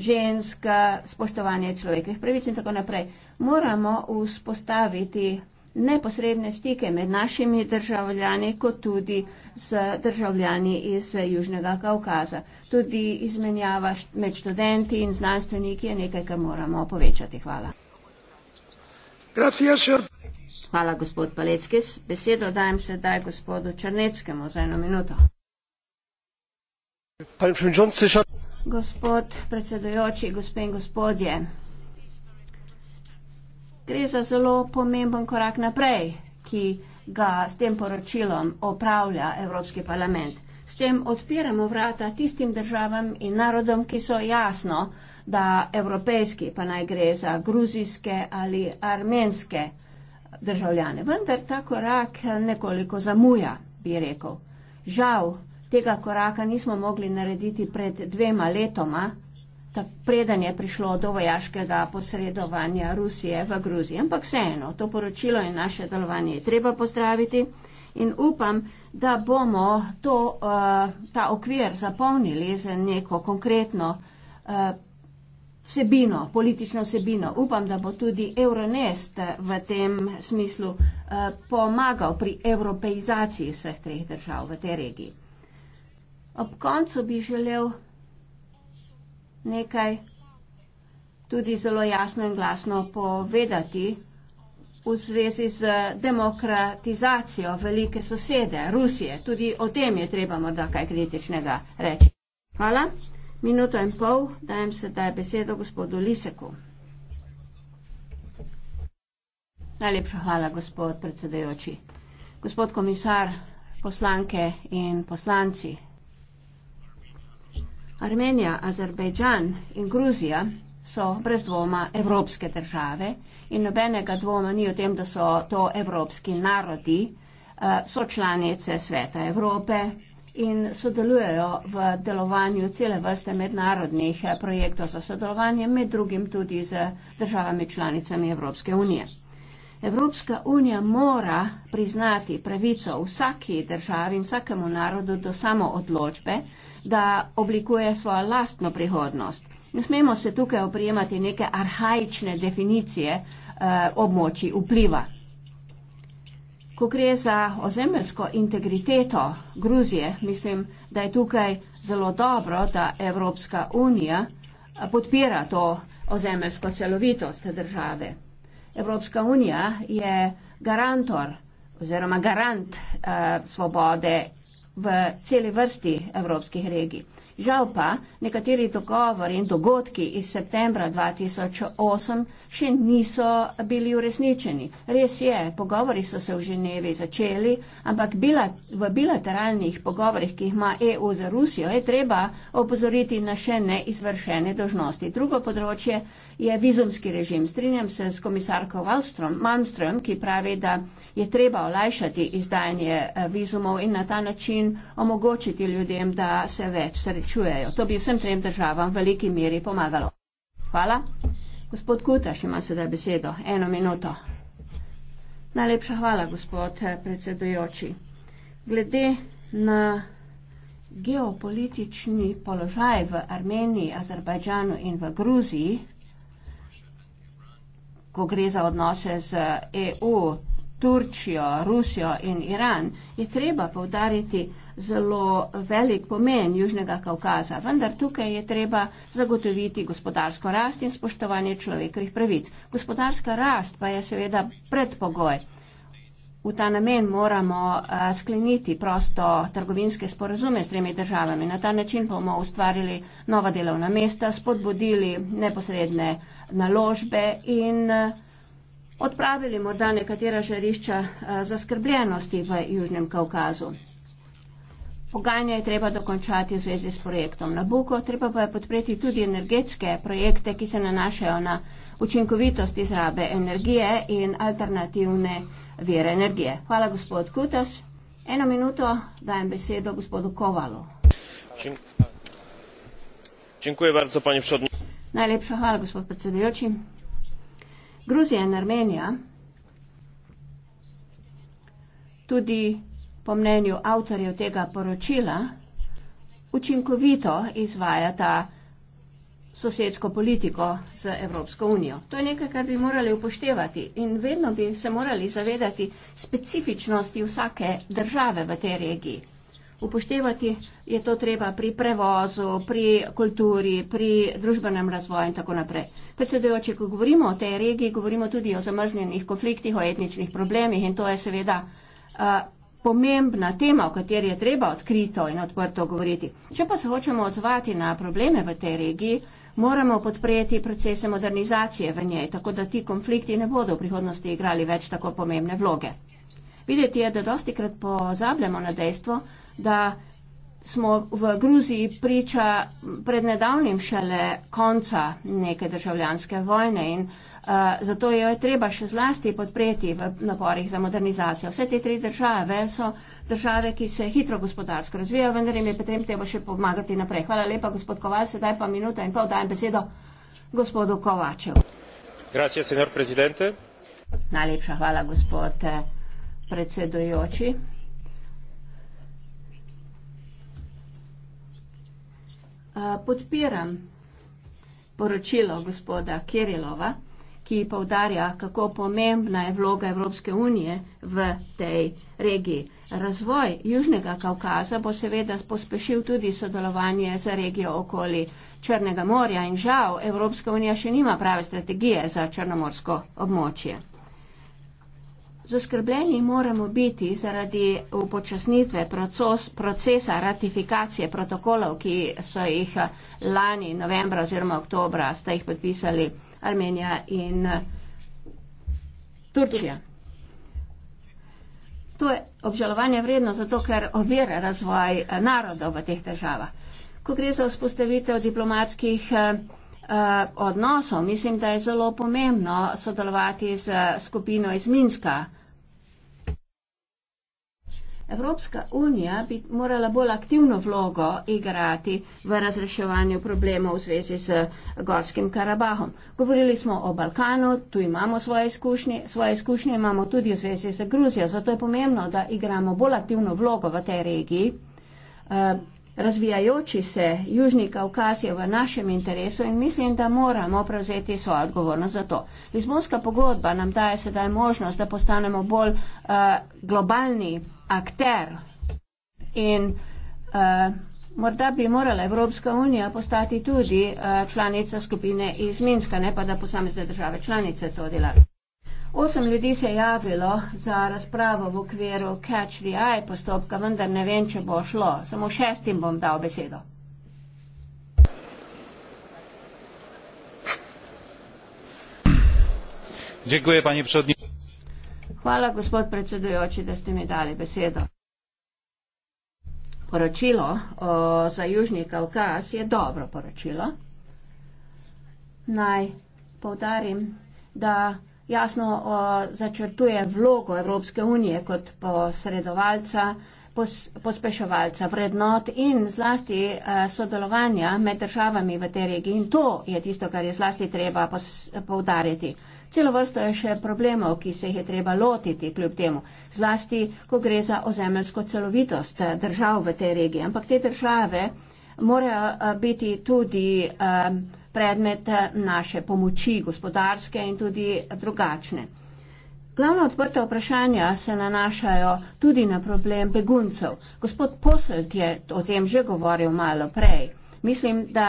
žensk, spoštovanje človekovih pravic in tako naprej. Moramo vzpostaviti neposredne stike med našimi državljani, kot tudi z državljani iz Južnega Kaukaza. Tudi izmenjava med študenti in znanstveniki je nekaj, kar moramo povečati. Hvala. Hvala, gospod Paleckis. Besedo dajem sedaj gospodu Črneckemu za eno minuto. Gospod predsedujoči, gospe in gospodje, gre za zelo pomemben korak naprej, ki ga s tem poročilom opravlja Evropski parlament. S tem odpiramo vrata tistim državam in narodom, ki so jasno da evropejski, pa naj gre za gruzijske ali armenske državljane. Vendar ta korak nekoliko zamuja, bi rekel. Žal tega koraka nismo mogli narediti pred dvema letoma, preden je prišlo do vojaškega posredovanja Rusije v Gruziji. Ampak vseeno, to poročilo in naše delovanje je treba pozdraviti in upam, da bomo to, uh, ta okvir zapolnili z neko konkretno uh, vsebino, politično vsebino. Upam, da bo tudi Euronest v tem smislu eh, pomagal pri evropeizaciji vseh treh držav v tej regiji. Ob koncu bi želel nekaj tudi zelo jasno in glasno povedati v zvezi z demokratizacijo velike sosede, Rusije. Tudi o tem je treba morda kaj kritičnega reči. Hvala minuto in pol. Dajem sedaj besedo gospodu Liseku. Najlepša hvala, gospod predsedujoči. Gospod komisar, poslanke in poslanci. Armenija, Azerbejdžan in Gruzija so brez dvoma evropske države in nobenega dvoma ni o tem, da so to evropski narodi, eh, so članice Sveta Evrope, in sodelujejo v delovanju cele vrste mednarodnih eh, projektov za sodelovanje, med drugim tudi z državami članicami Evropske unije. Evropska unija mora priznati pravico vsaki državi in vsakemu narodu do samoodločbe, da oblikuje svojo lastno prihodnost. Ne smemo se tukaj oprijemati neke arhajične definicije eh, območij vpliva ko gre za ozemelsko integriteto Gruzije, mislim, da je tukaj zelo dobro, da Evropska unija eh, podpira to ozemelsko celovitost države. Evropska unija je garantor oziroma garant uh, svobode v celi vrsti evropskih regij. Žal pa nekateri dogovori in dogodki iz septembra 2008 še niso bili uresničeni. Res je, pogovori so se v Ženevi začeli, ampak bila, v bilateralnih pogovorih, ki jih ima EU za Rusijo, je treba opozoriti na še neizvršene dožnosti. Drugo področje je vizumski režim. Strinjam se s komisarko Malmström, ki pravi, da je treba olajšati izdajanje eh, vizumov in na ta način omogočiti ljudem, da se več srečujejo. To bi vsem trem državam v veliki meri pomagalo. Hvala. Gospod Kutaš ima sedaj besedo. Eno minuto. Najlepša hvala, gospod eh, predsedujoči. Glede na geopolitični položaj v Armeniji, Azerbajdžanu in v Gruziji, ko gre za odnose z EU, Turčijo, Rusijo in Iran, je treba povdariti zelo velik pomen Južnega Kaukaza, vendar tukaj je treba zagotoviti gospodarsko rast in spoštovanje človekovih pravic. Gospodarska rast pa je seveda predpogoj. V ta namen moramo eh, skleniti prosto trgovinske sporazume s tremi državami. Na ta način bomo ustvarili nova delovna mesta, spodbudili neposredne naložbe in eh, odpravili morda nekatera žarišča eh, zaskrbljenosti v Južnem Kaukazu. Pogajanja je treba dokončati v zvezi s projektom Nabuko, treba pa je podpreti tudi energetske projekte, ki se nanašajo na učinkovitost izrabe energije in alternativne vire energije. Hvala, gospod Kutas. Eno minuto dajem besedo gospodu Kovalu. Dziękuję bardzo, panie przewodniczący. Najlepsza hvala, gospod predsedujoči. Gruzija in Armenija, tudi po mnenju avtorjev tega poročila, učinkovito izvajata sosedsko politiko z Evropsko unijo. To je nekaj, kar bi morali upoštevati in vedno bi se morali zavedati specifičnosti vsake države v tej regiji upoštevati je to treba pri prevozu, pri kulturi, pri družbenem razvoju in tako naprej. Predsedujoči, ko govorimo o tej regiji, govorimo tudi o zamrznjenih konfliktih, o etničnih problemih in to je seveda a, pomembna tema, o kateri je treba odkrito in odprto govoriti. Če pa se hočemo odzvati na probleme v tej regiji, moramo podpreti procese modernizacije v njej, tako da ti konflikti ne bodo v prihodnosti igrali več tako pomembne vloge. Videti je, da dosti krat pozabljamo na dejstvo, da smo v Gruziji priča prednedavnim šele konca neke državljanske vojne in uh, zato jo je treba še zlasti podpreti v naporih za modernizacijo. Vse te tri države so države, ki se hitro gospodarsko razvijajo, vendar jim je potrebno še pomagati naprej. Hvala lepa, gospod Koval, sedaj pa minuta in pol dajem besedo gospodu Kovačev. Najlepša hvala, gospod eh, predsedujoči. Eh, podpiram poročilo gospoda Kirilova, ki povdarja, kako pomembna je vloga Evropske unije v tej regiji. Razvoj Južnega Kaukaza bo seveda pospešil tudi sodelovanje za regijo okoli Črnega morja in žal Evropska unija še nima prave strategije za črnomorsko območje. Zaskrbljeni moramo biti zaradi upočasnitve procos, procesa ratifikacije protokolov, ki so jih eh, lani novembra oziroma oktobra sta jih podpisali Armenija in eh, Turčija. To je obžalovanje vredno zato, ker ovira razvoj eh, narodov v teh državah. Ko gre za vzpostavitev diplomatskih Eh, odnosov. Mislim, da je zelo pomembno sodelovati z skupino iz Minska. Evropska unija bi morala bolj aktivno vlogo igrati v razreševanju problemov v zvezi z Gorskim Karabahom. Govorili smo o Balkanu, tu imamo svoje izkušnje, svoje izkušnje imamo tudi v zvezi z Gruzijo, zato je pomembno, da igramo bolj aktivno vlogo v tej regiji. Eh, razvijajoči se Južni Kaukas je v našem interesu in mislim, da moramo prevzeti svojo odgovornost za to. Lizbonska pogodba nam daje sedaj možnost, da postanemo bolj uh, globalni akter in uh, morda bi morala Evropska unija postati tudi uh, članica skupine iz Minska, ne pa da posamezne države članice to delajo. Osem ljudi se je javilo za razpravo v okviru Catch the Eye postopka, vendar ne vem, če bo šlo. Samo šestim bom dal besedo. Dziękuję, pani Hvala, gospod predsedujoči, da ste mi dali besedo. Poročilo o, za Južni Kaukas je dobro poročilo. Naj poudarim, da jasno o, začrtuje vlogo Evropske unije kot posredovalca, pos, pospeševalca vrednot in zlasti uh, sodelovanja med državami v tej regiji. In to je tisto, kar je zlasti treba pos, povdariti. Celo vrsto je še problemov, ki se jih je treba lotiti kljub temu, zlasti, ko gre za ozemelsko celovitost e, držav v tej regiji. Ampak te države morajo e, biti tudi. Uh, predmet eh, naše pomoči, gospodarske in tudi drugačne. Glavno odprte vprašanja se nanašajo tudi na problem beguncev. Gospod Poselt je o tem že govoril malo prej. Mislim, da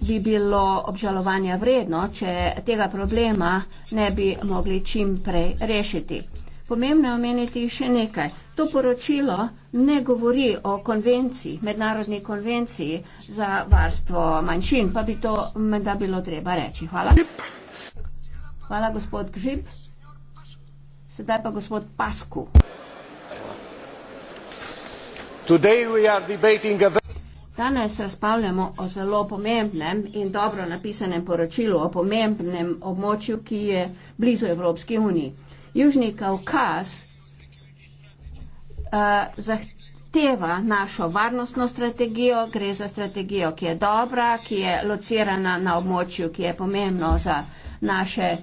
bi bilo obžalovanja vredno, če tega problema ne bi mogli čim prej rešiti. Pomembno je omeniti še nekaj. To poročilo ne govori o konvenciji, mednarodni konvenciji za varstvo manjšin, pa bi to menda bilo treba reči. Hvala. Hvala, gospod Gžib. Sedaj pa gospod Pasku. Danes razpravljamo o zelo pomembnem in dobro napisanem poročilu o pomembnem območju, ki je blizu Evropski uniji. Južni Kaukaz eh, zahteva našo varnostno strategijo, gre za strategijo, ki je dobra, ki je locirana na območju, ki je pomembno za naše eh,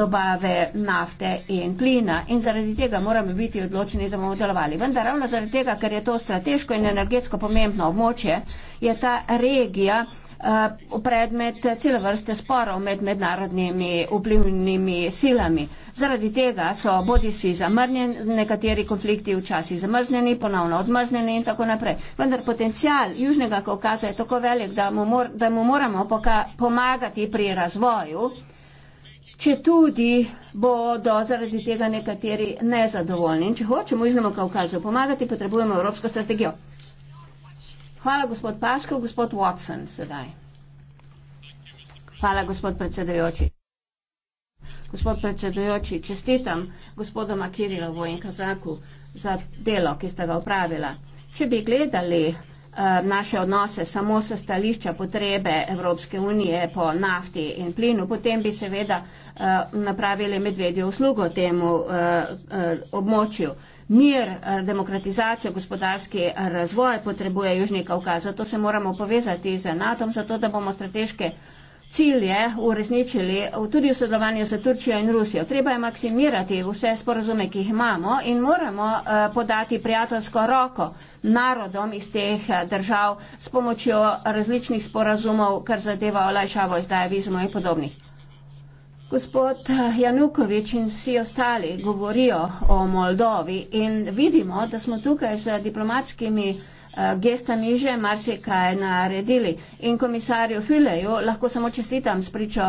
dobave nafte in plina. In zaradi tega moramo biti odločeni, da bomo delovali. Vendar ravno zaradi tega, ker je to strateško in energetsko pomembno območje, je ta regija uh, predmet cele vrste sporov med mednarodnimi vplivnimi silami. Zaradi tega so bodi si zamrnjeni, nekateri konflikti včasih zamrznjeni, ponovno odmrznjeni in tako naprej. Vendar potencial Južnega Kaukaza je tako velik, da mu, mor, da mu moramo poka, pomagati pri razvoju, če tudi bodo zaradi tega nekateri nezadovoljni. In če hočemo Južnemu Kaukazu pomagati, potrebujemo evropsko strategijo. Hvala, gospod Paskov. Gospod Watson, sedaj. Hvala, gospod predsedujoči. Gospod predsedujoči, čestitam gospodoma Kirilovo in Kazaku za delo, ki ste ga upravila. Če bi gledali uh, naše odnose samo sa stališča potrebe Evropske unije po nafti in plinu, potem bi seveda uh, napravili medvedje uslugo temu uh, uh, območju. Uh, mir, eh, demokratizacijo, gospodarski razvoj potrebuje Južni Kavkaz. Zato se moramo povezati z NATO, zato da bomo strateške cilje uresničili tudi v sodelovanju z Turčijo in Rusijo. Treba je maksimirati vse sporazume, ki jih imamo in moramo eh, podati prijateljsko roko narodom iz teh eh, držav s pomočjo različnih sporazumov, kar zadeva olajšavo izdaje vizumov in podobnih. Gospod eh, Janukovič in vsi ostali govorijo o Moldovi in vidimo, da smo tukaj z diplomatskimi eh, gestami že marsikaj naredili. In komisarju Fileju lahko samo čestitam s pričo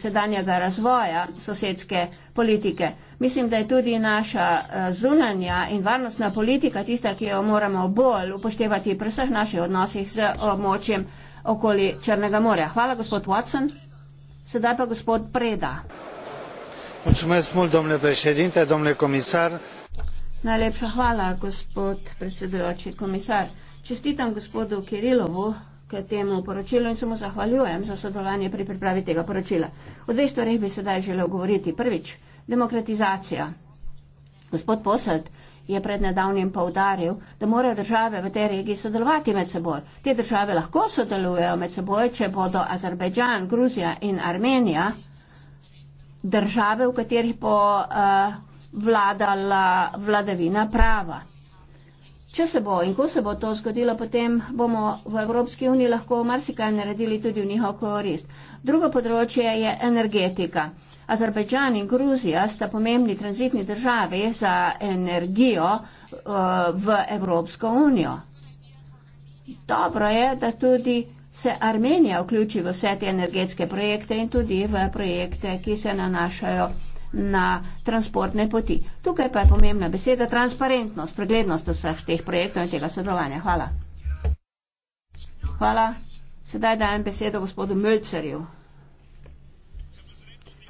sedanjega razvoja sosedske politike. Mislim, da je tudi naša eh, zunanja in varnostna politika tista, ki jo moramo bolj upoštevati pri vseh naših odnosih z območjem okoli Črnega morja. Hvala, gospod Watson. Sedaj pa gospod Preda. Mulțumesc mult, domnule președinte, domnule comisar. Najlepša hvala, gospod predsedujoči komisar. Čestitam gospodu Kirilovu k temu poročilu in se mu zahvaljujem za sodelovanje pri pripravi tega poročila. O dveh stvarih bi sedaj želel govoriti. Prvič, demokratizacija. Gospod Poselt, je pred nedavnim povdaril, da morajo države v tej regiji sodelovati med seboj. Te države lahko sodelujejo med seboj, če bodo Azerbejdžan, Gruzija in Armenija države, v katerih bo uh, vladala vladavina prava. Če se bo in ko se bo to zgodilo, potem bomo v Evropski uniji lahko marsikaj naredili tudi v njihov korist. Drugo področje je energetika. Azerbajdžan in Gruzija sta pomembni tranzitni državi za energijo eh, v Evropsko unijo. Dobro je, da tudi se Armenija vključi v vse te energetske projekte in tudi v projekte, ki se nanašajo na transportne poti. Tukaj pa je pomembna beseda transparentnost, preglednost vseh teh projektov in tega sodelovanja. Hvala. Hvala. Sedaj dajem besedo gospodu Mölcerju.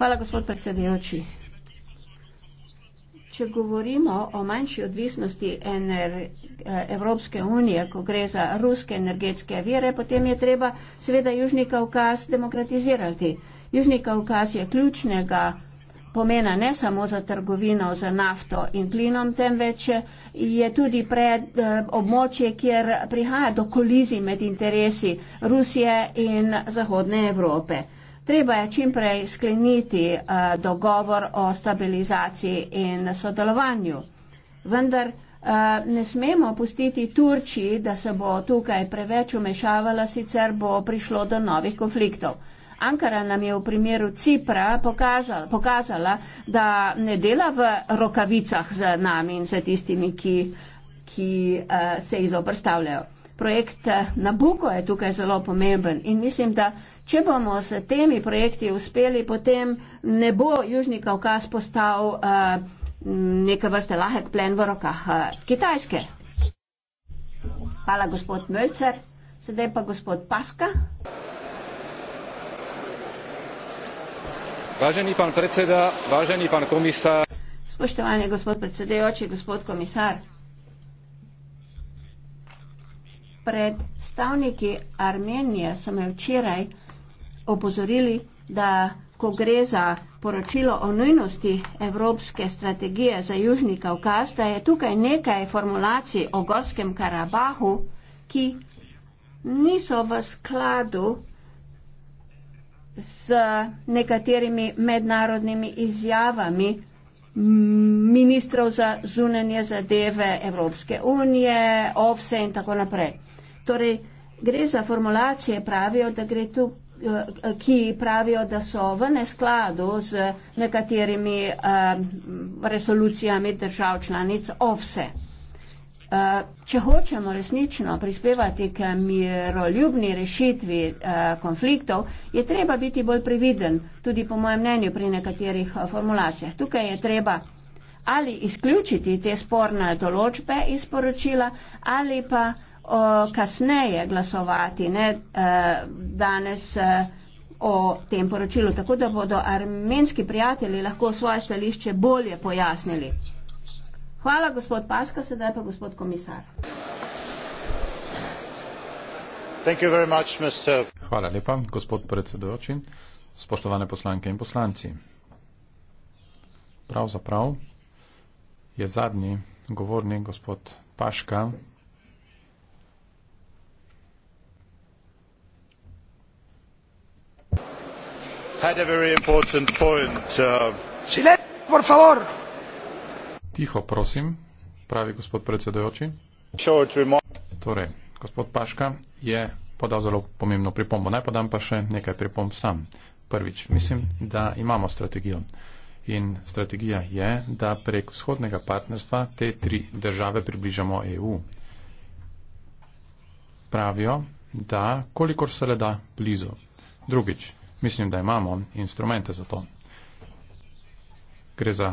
Hvala, gospod predsedujoči. Če govorimo o manjši odvisnosti ener, eh, Evropske unije, ko gre za ruske energetske vire, potem je treba seveda Južni Kaukaz demokratizirati. Južni Kaukaz je ključnega pomena ne samo za trgovino, za nafto in plinom, temveč je tudi pred eh, območje, kjer prihaja do kolizi med interesi Rusije in Zahodne Evrope treba je čim prej skleniti eh, dogovor o stabilizaciji in sodelovanju. Vendar eh, ne smemo pustiti Turčiji, da se bo tukaj preveč umešavala, sicer bo prišlo do novih konfliktov. Ankara nam je v primeru Cipra pokažala, pokazala, da ne dela v rokavicah z nami in z tistimi, ki, ki eh, se izoprstavljajo. Projekt Nabuko je tukaj zelo pomemben in mislim, da Če bomo s temi projekti uspeli, potem ne bo Južni Kaukaz postal uh, eh, neka vrste lahek plen v rokah uh, Kitajske. Hvala, gospod Mölcer. Sedaj pa gospod Paska. Važeni pan predseda, važeni pan komisar. Spoštovani gospod predsedejoči, gospod komisar. Predstavniki Armenije so me včeraj opozorili, da ko gre za poročilo o nujnosti Evropske strategije za Južni Kaukaz, da je tukaj nekaj formulacij o Gorskem Karabahu, ki niso v skladu z nekaterimi mednarodnimi izjavami ministrov za zunanje zadeve Evropske unije, OVSE in tako naprej. Torej, gre za formulacije, pravijo, da gre tu ki pravijo, da so v neskladu z nekaterimi eh, resolucijami držav članic OVSE. Eh, če hočemo resnično prispevati k miroljubni rešitvi eh, konfliktov, je treba biti bolj previden, tudi po mojem mnenju, pri nekaterih formulacijah. Tukaj je treba ali izključiti te sporne določbe iz poročila ali pa o, kasneje glasovati, ne e, danes e, o tem poročilu, tako da bodo armenski prijatelji lahko svoje stališče bolje pojasnili. Hvala, gospod Paska, sedaj pa gospod komisar. Much, Mr... Hvala lepa, gospod predsedujoči, spoštovane poslanke in poslanci. Pravzaprav je zadnji govornik gospod Paška had a very important point. Uh, Tiho, prosím, pravi gospod predsedujoči. Torej, gospod Paška je podal zelo pomembno pripombo. Naj podam pa še nekaj pripomb sam. Prvič, mislim, da imamo strategijo. In strategija je, da prek vzhodnega partnerstva te tri države približamo EU. Pravijo, da kolikor se le da blizu. Drugič, Mislim, da imamo instrumente za to. Gre za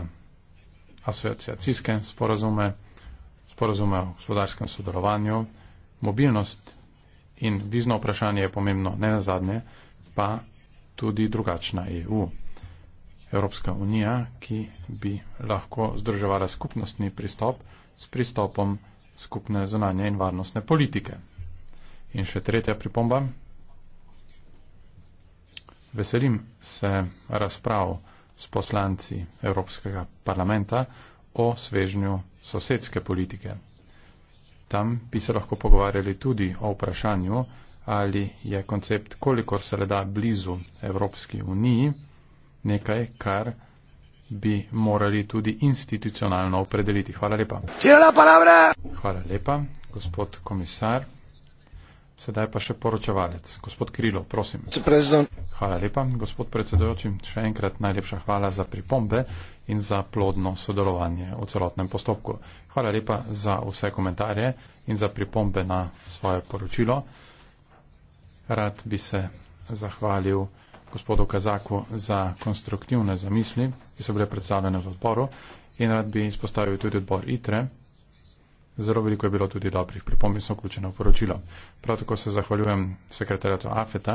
asociacijske sporazume, sporazume o gospodarskem sodelovanju, mobilnost in vizno vprašanje je pomembno, ne na zadnje, pa tudi drugačna EU. Evropska unija, ki bi lahko združevala skupnostni pristop s pristopom skupne zunanje in varnostne politike. In še tretja pripomba. Veselim se razprav s poslanci Evropskega parlamenta o svežnju sosedske politike. Tam bi se lahko pogovarjali tudi o vprašanju, ali je koncept, kolikor se le da blizu Evropski uniji, nekaj, kar bi morali tudi institucionalno opredeliti. Hvala lepa. Hvala lepa, gospod komisar. Sedaj pa še poročevalec. Gospod Krilo, prosim. Hvala lepa, gospod predsedojoči. Še enkrat najlepša hvala za pripombe in za plodno sodelovanje v celotnem postopku. Hvala lepa za vse komentarje in za pripombe na svoje poročilo. Rad bi se zahvalil gospodu Kazaku za konstruktivne zamisli, ki so bile predstavljene v odboru in rad bi izpostavil tudi odbor ITRE, Zelo veliko je bilo tudi dobrih pripomb in so vključeno v poročilo. Prav tako se zahvaljujem sekretarjatu AFETA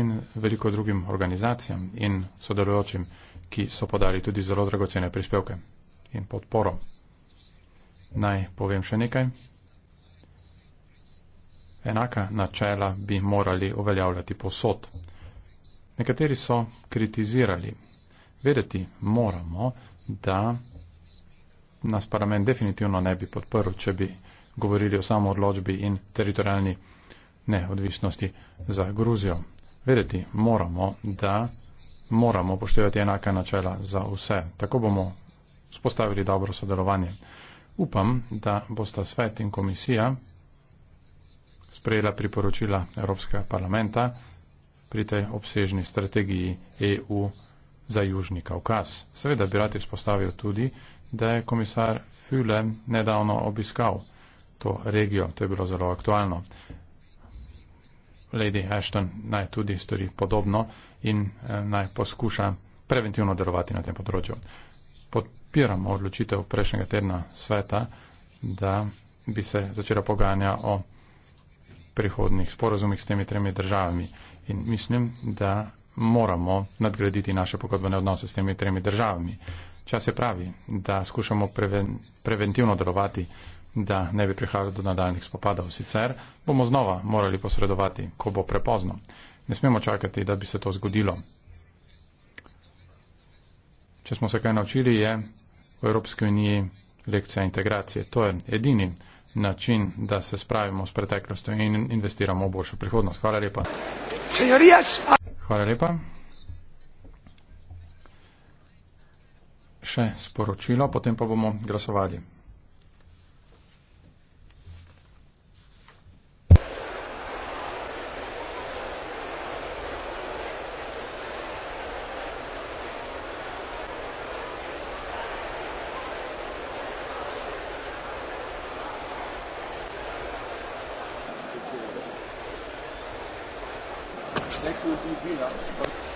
in veliko drugim organizacijam in sodelujočim, ki so podali tudi zelo dragocene prispevke in podporo. Naj povem še nekaj. Enaka načela bi morali uveljavljati posod. Nekateri so kritizirali. Vedeti moramo, da nas parlament definitivno ne bi podprl, če bi govorili o samo odločbi in teritorijalni neodvisnosti za Gruzijo. Vedeti moramo, da moramo poštevati enaka načela za vse. Tako bomo spostavili dobro sodelovanje. Upam, da bosta svet in komisija sprejela priporočila Evropskega parlamenta pri tej obsežni strategiji EU za Južni Kaukaz. Seveda bi rad izpostavil tudi, da je komisar Füle nedavno obiskal to regijo. To je bilo zelo aktualno. Lady Ashton naj tudi stori podobno in eh, naj poskuša preventivno delovati na tem področju. Podpiramo odločitev prejšnjega tedna sveta, da bi se začela pogajanja o prihodnih sporozumih s temi tremi državami. In mislim, da moramo nadgraditi naše pogodbene odnose s temi tremi državami. Čas je pravi, da skušamo preven, preventivno delovati, da ne bi prihajalo do nadaljnih spopadov. Sicer bomo znova morali posredovati, ko bo prepozno. Ne smemo čakati, da bi se to zgodilo. Če smo se kaj naučili, je v Evropski uniji lekcija integracije. To je edini način, da se spravimo s preteklostjo in investiramo v boljšo prihodnost. Hvala lepa. Hvala lepa. še sporočilo, potem pa bomo glasovali.